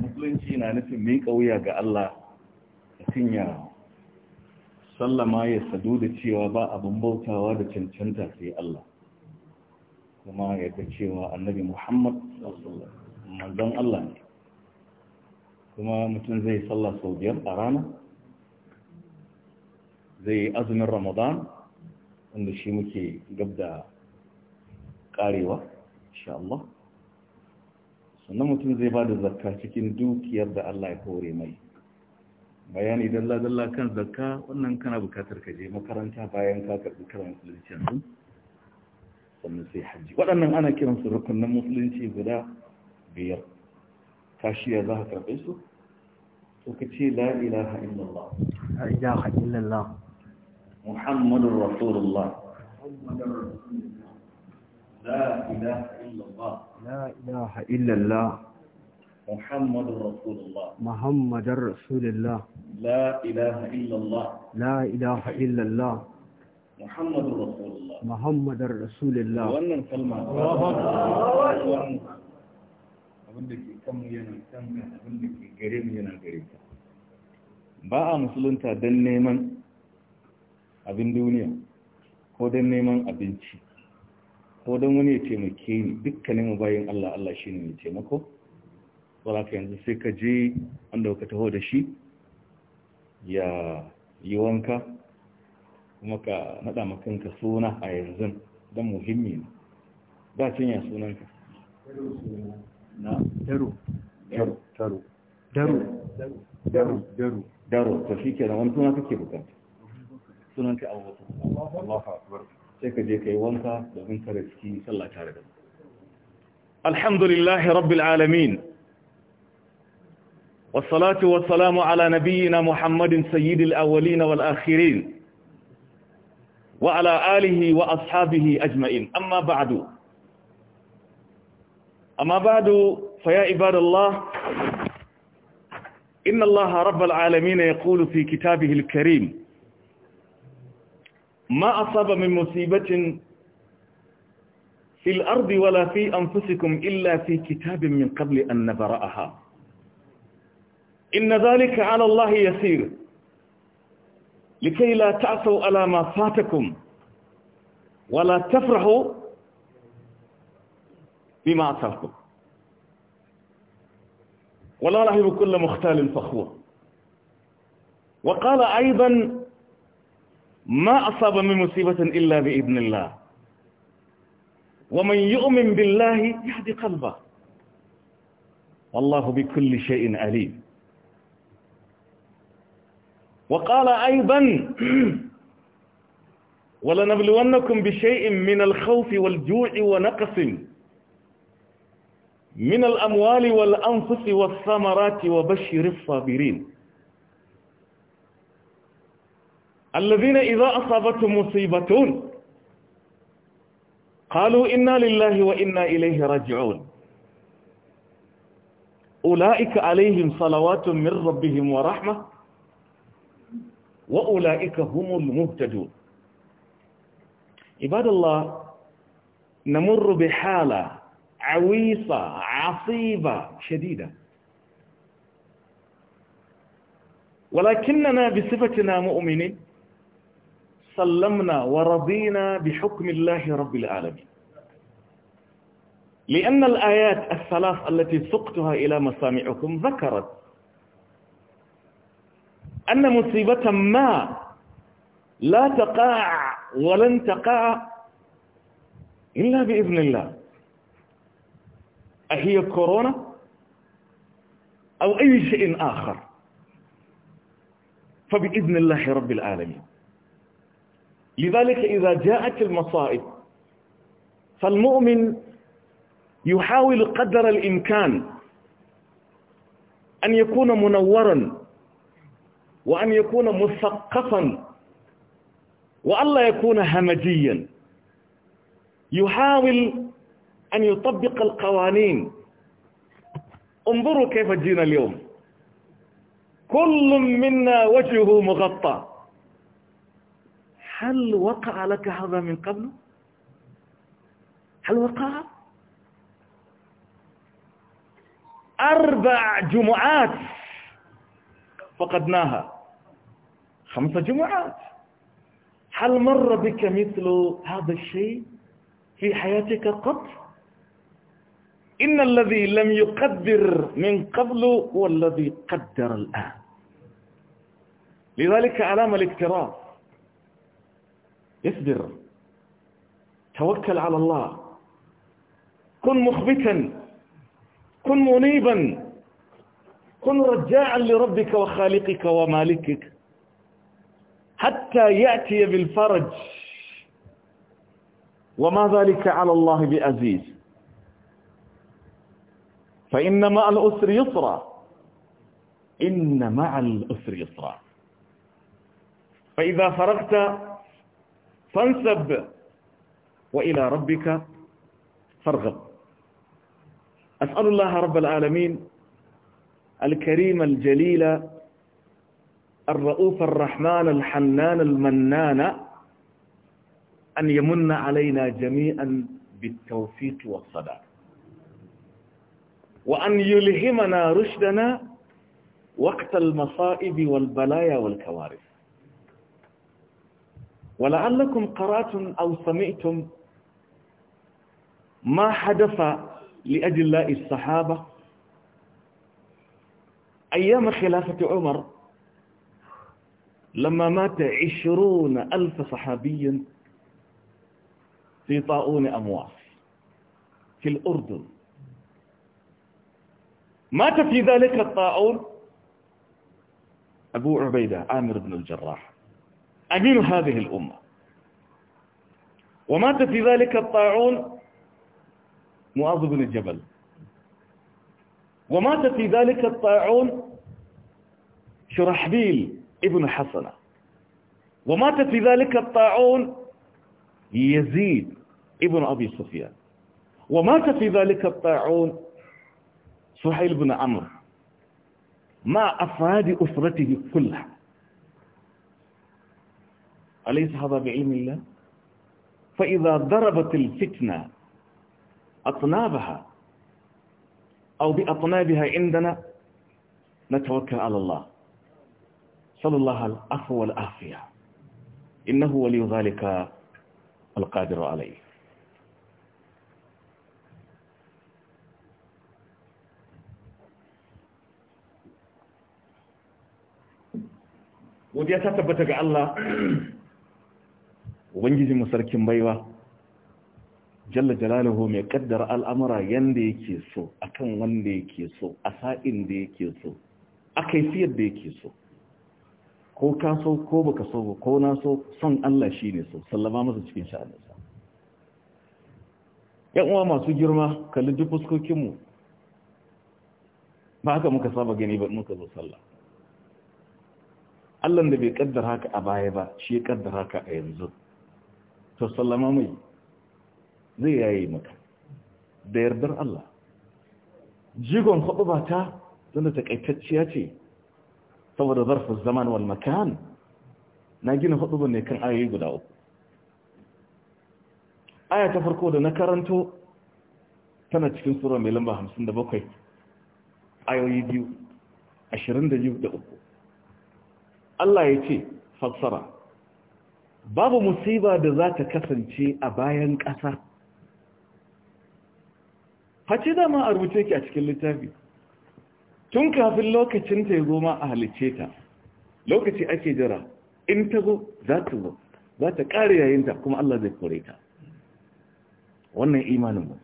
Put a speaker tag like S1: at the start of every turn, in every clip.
S1: musulunci na nufin miƙa wuya ga Allah mutum ya sallama ya sadu da cewa ba abin bautawa da cancanta sai Allah kuma ya ta cewa annabi Muhammad manzon Allah ne kuma mutum zai sallah sau biyar a rana zai yi azumin Ramadan wanda shi muke gab da ƙarewa insha Allah sannan mutum zai ba da zakka cikin dukiyar da Allah ya kore mai bayani dalla-dalla kan zakka wannan kana bukatar ka je makaranta bayan ka karbi karan musulunci yanzu sannan sai hajji waɗannan ana kiransu rukunin musulunci guda biyar kashiya za ka karɓe su to ka ce la ilaha illallah la ilaha illallah muhammadur rasulullah la ilaha illallah لا إله إلا الله محمد رسول الله محمد رسول الله لا إله إلا الله لا إله إلا الله محمد رسول الله محمد رسول الله wannan kalma ke yana ke gare mu yana gare ba a musulunta don neman abin duniya ko don neman abinci ko don wani ya taimake ni dukkanin bayan Allah Allah shi ne mai taimako ka yanzu sai ka je an ka taho da shi ya yi wanka kuma ka naɗa makanka suna a yanzu don muhimmi ne za cin ya sunanka na daro daro daro daro daro daro daro to shi ke wani suna kake bukata sunanka abubakar allah akbar sai ka je ka yi wanka domin ka riski sallah tare da alhamdulillahi rabbil alamin والصلاة والسلام على نبينا محمد سيد الأولين والآخرين وعلى آله وأصحابه أجمعين أما بعد أما بعد فيا عباد الله إن الله رب العالمين يقول في كتابه الكريم ما أصاب من مصيبة في الأرض ولا في أنفسكم إلا في كتاب من قبل أن نبرأها إن ذلك على الله يسير لكي لا تعصوا على ما فاتكم ولا تفرحوا بما أصابكم ولا رحب كل مختال فخور وقال أيضا ما أصاب من مصيبة إلا بإذن الله ومن يؤمن بالله يهدي قلبه والله بكل شيء عليم وقال أيضا ولنبلونكم بشيء من الخوف والجوع ونقص من الأموال والأنفس والثمرات وبشر الصابرين الذين إذا أصابتهم مصيبة قالوا إنا لله وإنا إليه راجعون أولئك عليهم صلوات من ربهم ورحمة وأولئك هم المهتدون عباد الله نمر بحالة عويصة عصيبة شديدة ولكننا بصفتنا مؤمنين سلمنا ورضينا بحكم الله رب العالمين لأن الآيات الثلاث التي سقتها إلى مسامعكم ذكرت أن مصيبة ما لا تقع ولن تقع إلا بإذن الله أهي كورونا أو أي شيء آخر فبإذن الله رب العالمين لذلك إذا جاءت المصائب فالمؤمن يحاول قدر الإمكان أن يكون منورا وأن يكون مثقفا وألا يكون همجيا يحاول أن يطبق القوانين انظروا كيف جينا اليوم كل منا وجهه مغطى هل وقع لك هذا من قبل هل وقع أربع جمعات فقدناها خمس جمعات هل مر بك مثل هذا الشيء في حياتك قط إن الذي لم يقدر من قبل هو الذي قدر الآن لذلك علامة الاكتراث اصبر توكل على الله كن مخبتا كن منيبا كن رجاعا لربك وخالقك ومالكك حتى يأتي بالفرج وما ذلك على الله بأزيز فإن مع الأسر يسرا إن مع الأسر يسرا فإذا فرغت فانسب وإلى ربك فارغب أسأل الله رب العالمين الكريم الجليل الرؤوف الرحمن الحنان المنان أن يمن علينا جميعا بالتوفيق والصداق وأن يلهمنا رشدنا وقت المصائب والبلايا والكوارث ولعلكم قرأتم أو سمعتم ما حدث لأجل الصحابة أيام خلافة عمر لما مات عشرون ألف صحابي في طاعون أمواس في الأردن مات في ذلك الطاعون أبو عبيدة عامر بن الجراح أمين هذه الأمة ومات في ذلك الطاعون معاذ بن الجبل ومات في ذلك الطاعون شرحبيل ابن حسنة ومات في ذلك الطاعون يزيد ابن أبي سفيان ومات في ذلك الطاعون سحيل بن عمرو مع أفراد أسرته كلها أليس هذا بعلم الله فإذا ضربت الفتنة أطنابها أو بأطنابها عندنا نتوكل على الله صلى الله العفو والعافية إنه ولي ذلك القادر عليه ودي أتثبت على الله mu sarkin baiwa jalla jalaluhu mai kaddara al'amura yanda yake so akan wanda yake so a sa'in da yake so a kaifiyar da yake so ko ka so ko baka so ko na so son Allah shine so sallama masa cikin sha'aninsa yan uwa masu girma kalli duk fuskokinmu ba haka muka saba gani ba muka zo sallah Allah da bai kaddara haka a baya ba shi ya kaddara haka a yanzu to sallama mai zai yayi maka da yardar Allah jigon hudu ba ta zanda takaitacciya ce saboda zarfin zaman wal makan na gina hudu ne kan ayoyi guda uku aya ta farko da na karanto tana cikin sura mai lamba 57 ayoyi biyu 22 da uku Allah ya ce fassara babu musiba da za ta kasance a bayan ƙasa hace dama a rubuce ki a cikin littafi tun kafin lokacin ta ya goma a halice ta lokaci ake jira in ta zo za ta zo za ta ƙari yayinta kuma Allah zai kore ta wannan imanin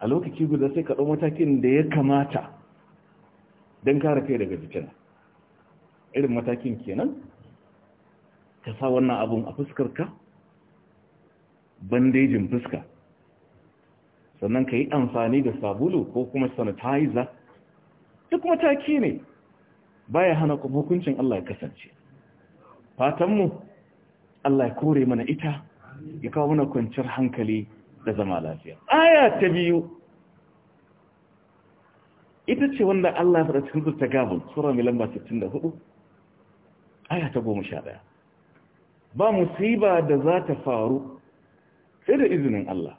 S1: a lokaci guda sai ka ɗau matakin da ya kamata don kare kai daga fitina irin matakin kenan ka sa wannan abun a fuskar ka, bandejin fuska sannan ka yi amfani da sabulu ko kuma sanitizer duk mataki ne baya hana kuma hukuncin Allah ya kasance fatanmu Allah ya kore mana ita ya kawo mana kwanciyar hankali da zama lafiya aya ta biyu ita ce wanda Allah ya faɗa cikin ta gabon sura mai lamba 64 aya ta 11 ba musiba da za ta faru sai da izinin Allah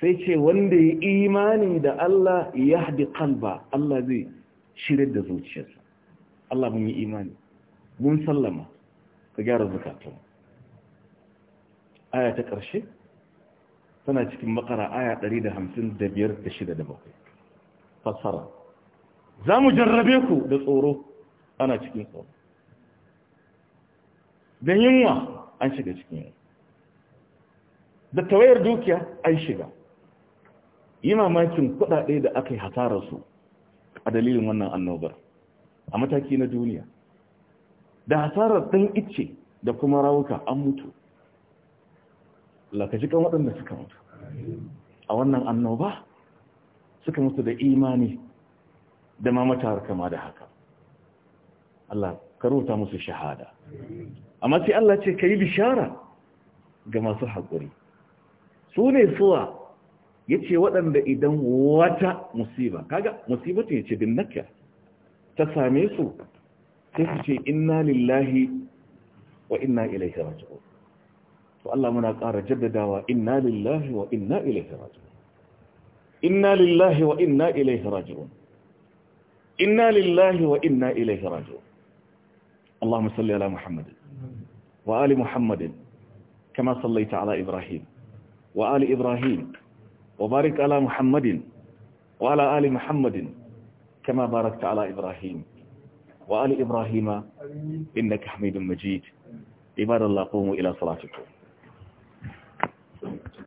S1: sai ce wanda ya imani da Allah ya haɗi kalba Allah zai shirar da zuciyarsa Allah mun yi imani mun sallama ka gyara zukatun aya ta ƙarshe tana cikin makara aya 155 fassara za mu jarrabe ku da tsoro ana cikin tsoro da yunwa an shiga cikin yi da tawayar dukiya an shiga yi mamakin kuɗaɗe da aka yi hasararsu a dalilin wannan annobar a mataki na duniya da hasarar ɗan icce da kuma rawuka an mutu lakaci kan waɗanda suka mutu a wannan annoba suka mutu da imani da mamata kama da haka Allah karuta musu shahada amma sai Allah ce ka yi bishara ga masu haƙuri su ne suwa ya ce waɗanda idan wata musiba kaga musibata ya ce bin naka ta same su sai su ce inna lillahi wa inna ilaihi raji'un to Allah muna ƙara jaddadawa inna lillahi wa inna ilaihi raji'un inna lillahi wa inna ilaihi raji'un inna lillahi wa inna ilaihi raji'un اللهم صل على محمد وآل محمد كما صليت على إبراهيم وآل إبراهيم وبارك على محمد وعلى آل محمد كما باركت على إبراهيم وآل إبراهيم إنك حميد مجيد عباد الله قوموا إلى صلاتكم